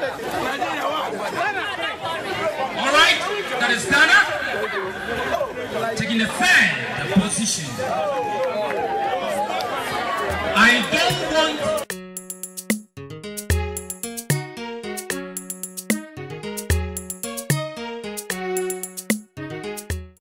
Alright, that is Ghana taking the third position. I don't want